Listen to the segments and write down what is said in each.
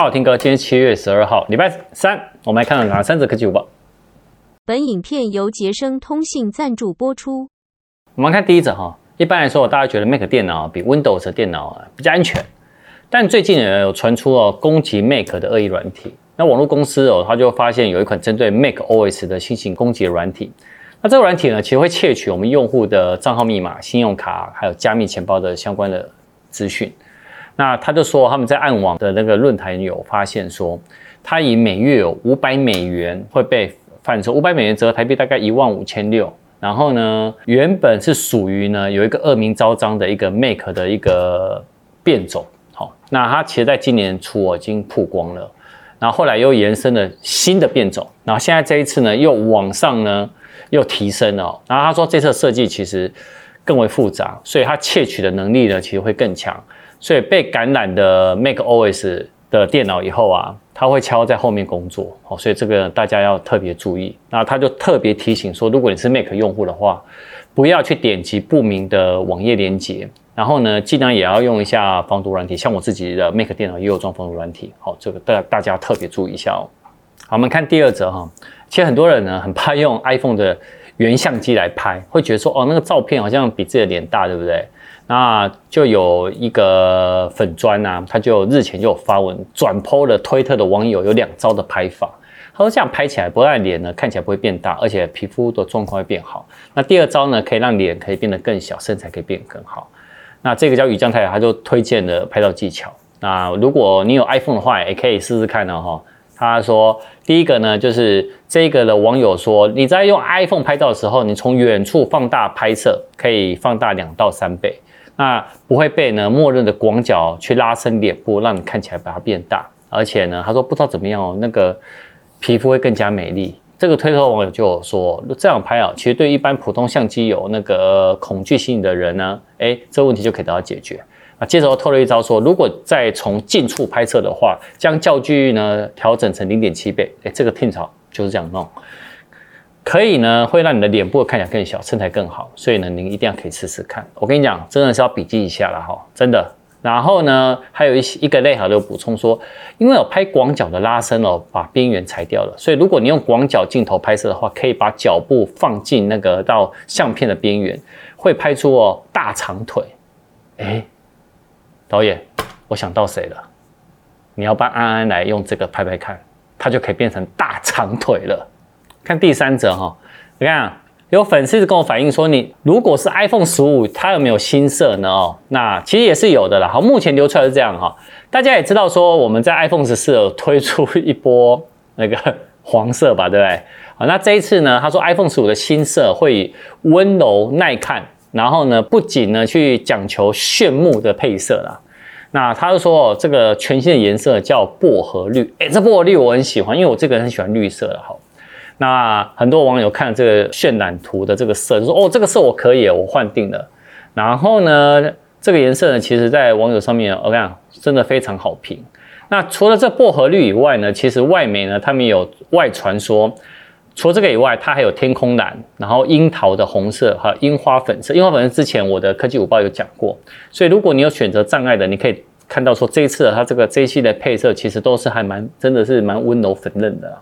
好，好，Tim 哥，今天七月十二號，禮拜三，我們來看看哪三則科技午報吧。本影片由傑昇通信贊助播出。我們看第一則哈，一般來說，大家覺得 Mac 電腦比 Windows 的電腦比較安全，但最近呢有傳出了攻擊 Mac 的惡意軟體。那網絡公司哦，他就發現有一款針對 Mac OS 的新型攻擊軟體。那這個軟體呢，其實會竊取我們用戶的賬號密碼、信用卡，還有加密錢包的相關的資訊。那他就說，他們在暗網的那個論壇有發現，說他以每月有五百美元會被販售，五百美元折合台幣大概一萬五千六。然後呢，原本是屬於呢有一個惡名昭彰的一個 Make 的一個變種。好，那他其實在今年初已經曝光了，然後後來又延伸了新的變種，然後現在這一次呢又往上呢又提升了。然後他說這次設計其實。更為複雜，所以它竊取的能力呢，其實會更強。所以被感染的 Mac OS 的電腦以後啊，它會悄悄在後面工作。好、哦，所以這個大家要特別注意。那它就特別提醒說，如果你是 Mac 用戶的話，不要去點擊不明的網頁連結。然後呢，儘量也要用一下防毒軟體，像我自己的 Mac 電腦也有裝防毒軟體。好、哦，這個大大家特別注意一下哦。好，我們看第二則哈。其實很多人呢，很怕用 iPhone 的原相機來拍，會覺得說哦，那個照片好像比自己的臉大，對不對？那就有一個粉專啊，他就日前就有發文轉 PO 了推特的網友有兩招的拍法。他說這樣拍起來不讓臉呢，看起來不會變大，而且皮膚的狀況會變好。那第二招呢，可以讓臉可以變得更小，身材可以變得更好。那這個叫羽降太，他就推薦了拍照技巧。那如果你有 iPhone 的話，也可以試試看哦。哈。他說，第一個呢，就是這個的網友說，你在用 iPhone 拍照的時候，你從遠處放大拍攝，可以放大兩到三倍，那不會被呢默認的廣角去拉伸臉部，讓你看起來把它變大。而且呢，他說不知道怎麼樣哦，那個皮膚會更加美麗。這個推特的網友就說，這樣拍啊，其實對一般普通相機有那個恐懼心理的人呢、啊，誒、欸、這個問題就可以得到解決。啊，接着我透露一招說，說如果再從近處拍攝的話，將焦距呢調整成零點七倍，誒、欸、這個 Tim 嫂就是這樣弄，可以呢，會讓你的臉部的看起來更小，身材更好，所以呢，你一定要可以試試看。我跟你講，真的是要筆記一下了哈，真的。然後呢，還有一一個內行的補充說，因為我拍廣角的拉伸哦，把邊緣裁掉了，所以如果你用廣角鏡頭拍攝的話，可以把腳部放進那個到相片的邊緣，會拍出哦大長腿，誒、欸導演，我想到誰了？你要幫安安來用這個拍拍看，它就可以變成大長腿了。看第三則哈，你看有粉絲跟我反映說，你如果是 iPhone 十五，它有沒有新色呢？哦，那其實也是有的啦。好，目前流出來是這樣哈。大家也知道說，我們在 iPhone 十四推出一波那個黃色吧，對不對？好，那這一次呢，他說 iPhone 十五的新色會溫柔耐看。然後呢，不僅呢去講求炫目的配色啦，那他就說，哦，這個全新的顏色叫薄荷綠。誒，這薄荷綠我很喜歡，因為我這個人很喜歡綠色的。好，那很多網友看了這個渲染圖的這個色，就說哦，這個色我可以，我換定了。然後呢，這個顏色呢，其實，在網友上面，我看真的非常好評。那除了這薄荷綠以外呢，其實外媒呢，他們有外傳說。除了這個以外，它還有天空藍，然後櫻桃的紅色和櫻花粉色。櫻花粉色之前我的科技午報有講過，所以如果你有選擇障礙的，你可以看到說這一次的它這個這一系列配色其實都是還蠻真的是蠻溫柔粉嫩的。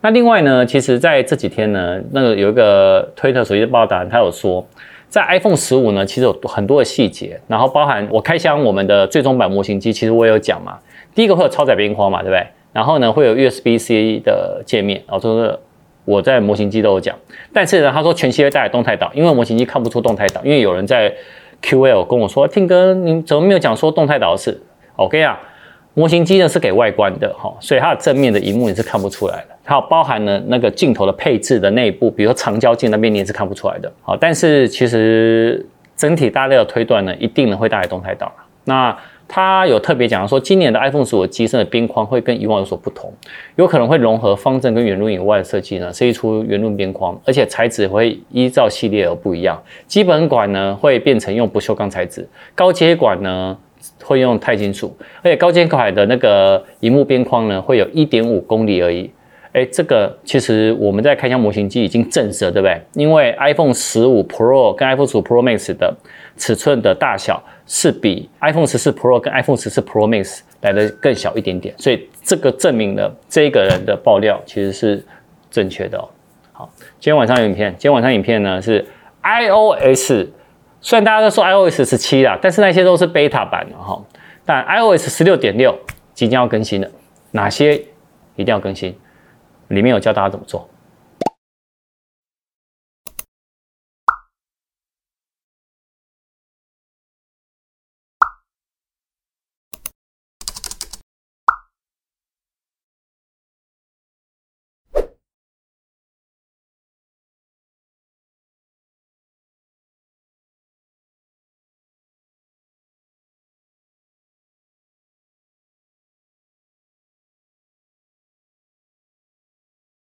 那另外呢，其實在這幾天呢，那個有一個推特手機的報道，他有說，在 iPhone 十五呢，其實有很多的細節，然後包含我開箱我們的最終版模型機，其實我也有講嘛，第一個會有超窄邊框嘛，對不對？然後呢會有 USB-C 的界面，然、哦、後就是。我在模型機都有講，但是呢，他說全系會帶動態島，因為模型機看不出動態島，因為有人在 QL 跟我說，Tim 哥，你怎麼沒有講說動態島的事？OK 啊，我跟你講，模型機呢是給外觀的，哈、哦，所以它的正面的屏幕，你是看不出來的，它有包含了那個鏡頭的配置的內部，比如說長焦鏡那邊你也是看不出來的，好，但是其實整體大家都有推斷呢，一定呢會帶來動態島那。他有特別講說，今年的 iPhone 15機身的邊框會跟以往有所不同，有可能會融合方正跟圓潤以外的設計呢，設計出圓潤邊框，而且材質會依照系列而不一樣。基本款呢會變成用不鏽鋼材質，高階款呢會用鈦金屬，而且高階款的那個熒幕邊框呢會有一點五公厘而已。哎，這個其實我們在開箱模型機已經證實了，對不對？因為 iPhone 十五 Pro 跟 iPhone 十五 Pro Max 的尺寸的大小是比 iPhone 十四 Pro 跟 iPhone 十四 Pro Max 來的更小一點點，所以這個證明了這個人的爆料其實是正確的哦。好，今天晚上有影片，今天晚上影片呢是 iOS，雖然大家都說 iOS 十七啦，但是那些都是 beta 版的哈、哦，但 iOS 十六點六即將要更新了，哪些一定要更新？裡面有教大家怎麼做。